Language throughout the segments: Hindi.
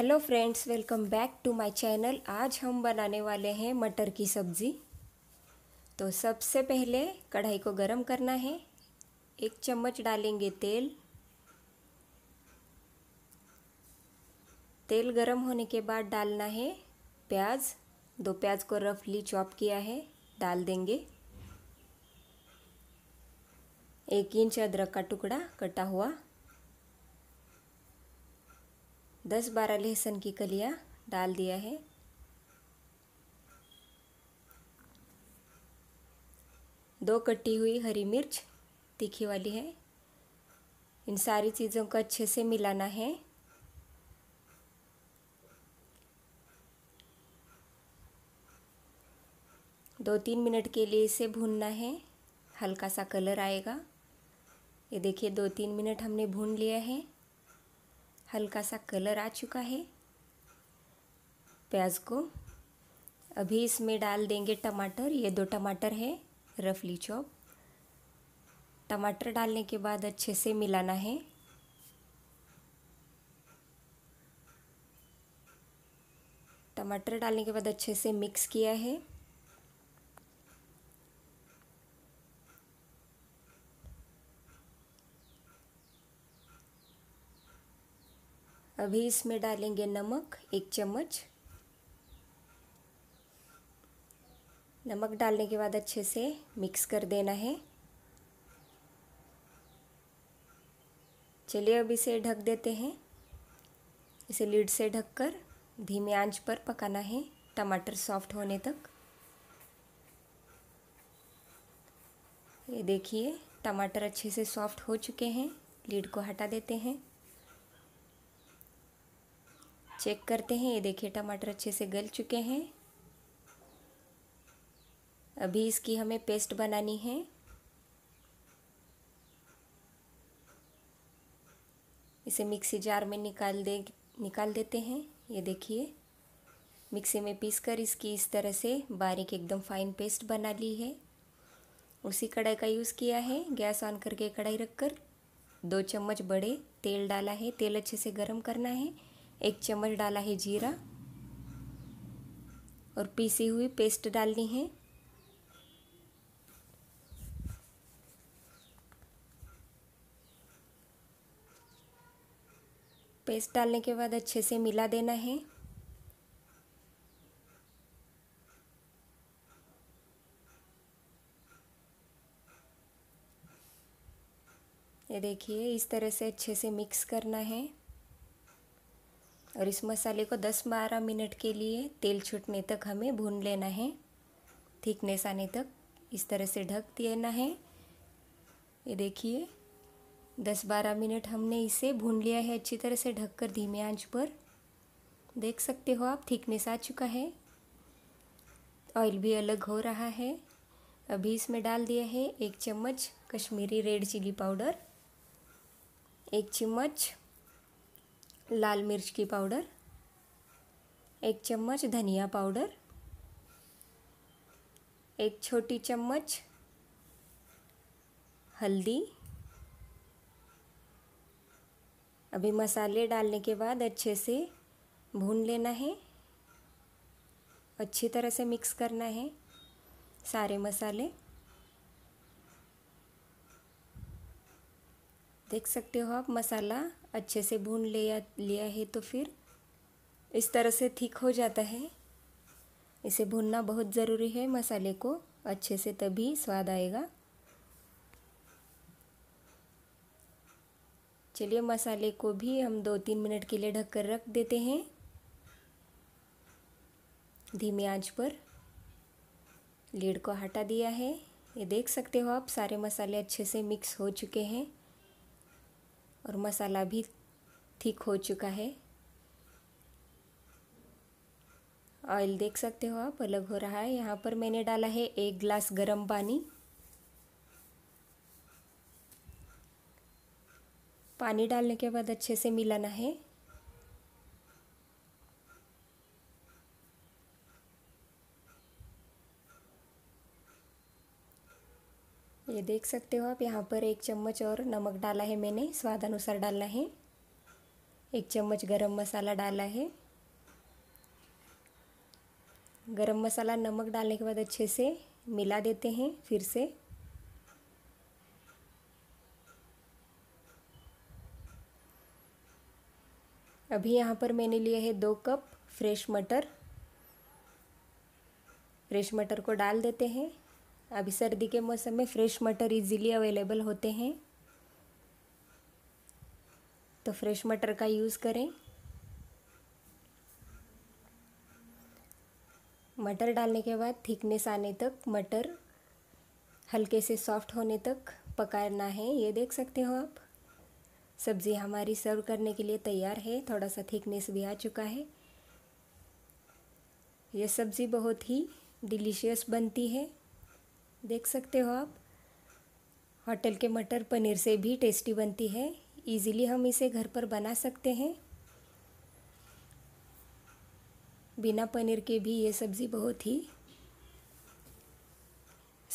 hello friends welcome back to my channel आज हम बनाने वाले हैं मटर की सब्ज़ी तो सबसे पहले कढ़ाई को गरम करना है एक चम्मच डालेंगे तेल तेल गरम होने के बाद डालना है प्याज दो प्याज को रफली चॉप किया है डाल देंगे एक इंच अदरक का टुकड़ा कटा हुआ दस बारह लहसुन की कलियां डाल दिया है दो कटी हुई हरी मिर्च तीखी वाली है इन सारी चीज़ों को अच्छे से मिलाना है दो तीन मिनट के लिए इसे भूनना है हल्का सा कलर आएगा ये देखिए दो तीन मिनट हमने भून लिया है हल्का सा कलर आ चुका है प्याज को अभी इसमें डाल देंगे टमाटर ये दो टमाटर है रफली चॉप टमाटर डालने के बाद अच्छे से मिलाना है टमाटर डालने के बाद अच्छे से मिक्स किया है अभी इसमें डालेंगे नमक एक चम्मच नमक डालने के बाद अच्छे से मिक्स कर देना है चलिए अब इसे ढक देते हैं इसे लीड से ढककर धीमे आंच पर पकाना है टमाटर सॉफ्ट होने तक ये देखिए टमाटर अच्छे से सॉफ्ट हो चुके हैं लीड को हटा देते हैं चेक करते हैं ये देखिए टमाटर अच्छे से गल चुके हैं अभी इसकी हमें पेस्ट बनानी है इसे मिक्सी जार में निकाल दे निकाल देते हैं ये देखिए मिक्सी में पीसकर इसकी इस तरह से बारीक एकदम फाइन पेस्ट बना ली है उसी कढ़ाई का यूज़ किया है गैस ऑन करके कढ़ाई रखकर दो चम्मच बड़े तेल डाला है तेल अच्छे से गर्म करना है एक चम्मच डाला है जीरा और पीसी हुई पेस्ट डालनी है पेस्ट डालने के बाद अच्छे से मिला देना है ये देखिए इस तरह से अच्छे से मिक्स करना है और इस मसाले को 10-12 मिनट के लिए तेल छूटने तक हमें भून लेना है थिकनेस आने तक इस तरह से ढक देना है ये देखिए 10-12 मिनट हमने इसे भून लिया है अच्छी तरह से ढककर धीमे आंच पर देख सकते हो आप थिकनेस आ चुका है ऑयल भी अलग हो रहा है अभी इसमें डाल दिया है एक चम्मच कश्मीरी रेड चिली पाउडर एक चम्मच लाल मिर्च की पाउडर एक चम्मच धनिया पाउडर एक छोटी चम्मच हल्दी अभी मसाले डालने के बाद अच्छे से भून लेना है अच्छी तरह से मिक्स करना है सारे मसाले देख सकते हो आप मसाला अच्छे से भून लिया लिया है तो फिर इस तरह से ठीक हो जाता है इसे भूनना बहुत ज़रूरी है मसाले को अच्छे से तभी स्वाद आएगा चलिए मसाले को भी हम दो तीन मिनट के लिए ढक कर रख देते हैं धीमी आंच पर लीड को हटा दिया है ये देख सकते हो आप सारे मसाले अच्छे से मिक्स हो चुके हैं और मसाला भी ठीक हो चुका है ऑयल देख सकते हो आप अलग हो रहा है यहाँ पर मैंने डाला है एक ग्लास गरम पानी पानी डालने के बाद अच्छे से मिलाना है ये देख सकते हो आप यहाँ पर एक चम्मच और नमक डाला है मैंने स्वाद अनुसार डाला है एक चम्मच गरम मसाला डाला है गरम मसाला नमक डालने के बाद अच्छे से मिला देते हैं फिर से अभी यहाँ पर मैंने लिए है दो कप फ्रेश मटर फ्रेश मटर को डाल देते हैं अभी सर्दी के मौसम में फ्रेश मटर इजीली अवेलेबल होते हैं तो फ्रेश मटर का यूज़ करें मटर डालने के बाद थिकनेस आने तक मटर हल्के से सॉफ्ट होने तक पकाना है ये देख सकते हो आप सब्ज़ी हमारी सर्व करने के लिए तैयार है थोड़ा सा थिकनेस भी आ चुका है यह सब्ज़ी बहुत ही डिलीशियस बनती है देख सकते हो आप होटल के मटर पनीर से भी टेस्टी बनती है इजीली हम इसे घर पर बना सकते हैं बिना पनीर के भी ये सब्ज़ी बहुत ही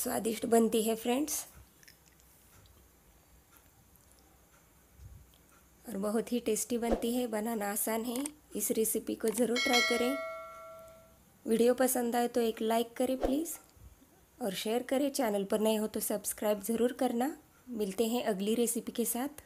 स्वादिष्ट बनती है फ्रेंड्स और बहुत ही टेस्टी बनती है बनाना आसान है इस रेसिपी को ज़रूर ट्राई करें वीडियो पसंद आए तो एक लाइक करें प्लीज़ और शेयर करें चैनल पर नए हो तो सब्सक्राइब ज़रूर करना मिलते हैं अगली रेसिपी के साथ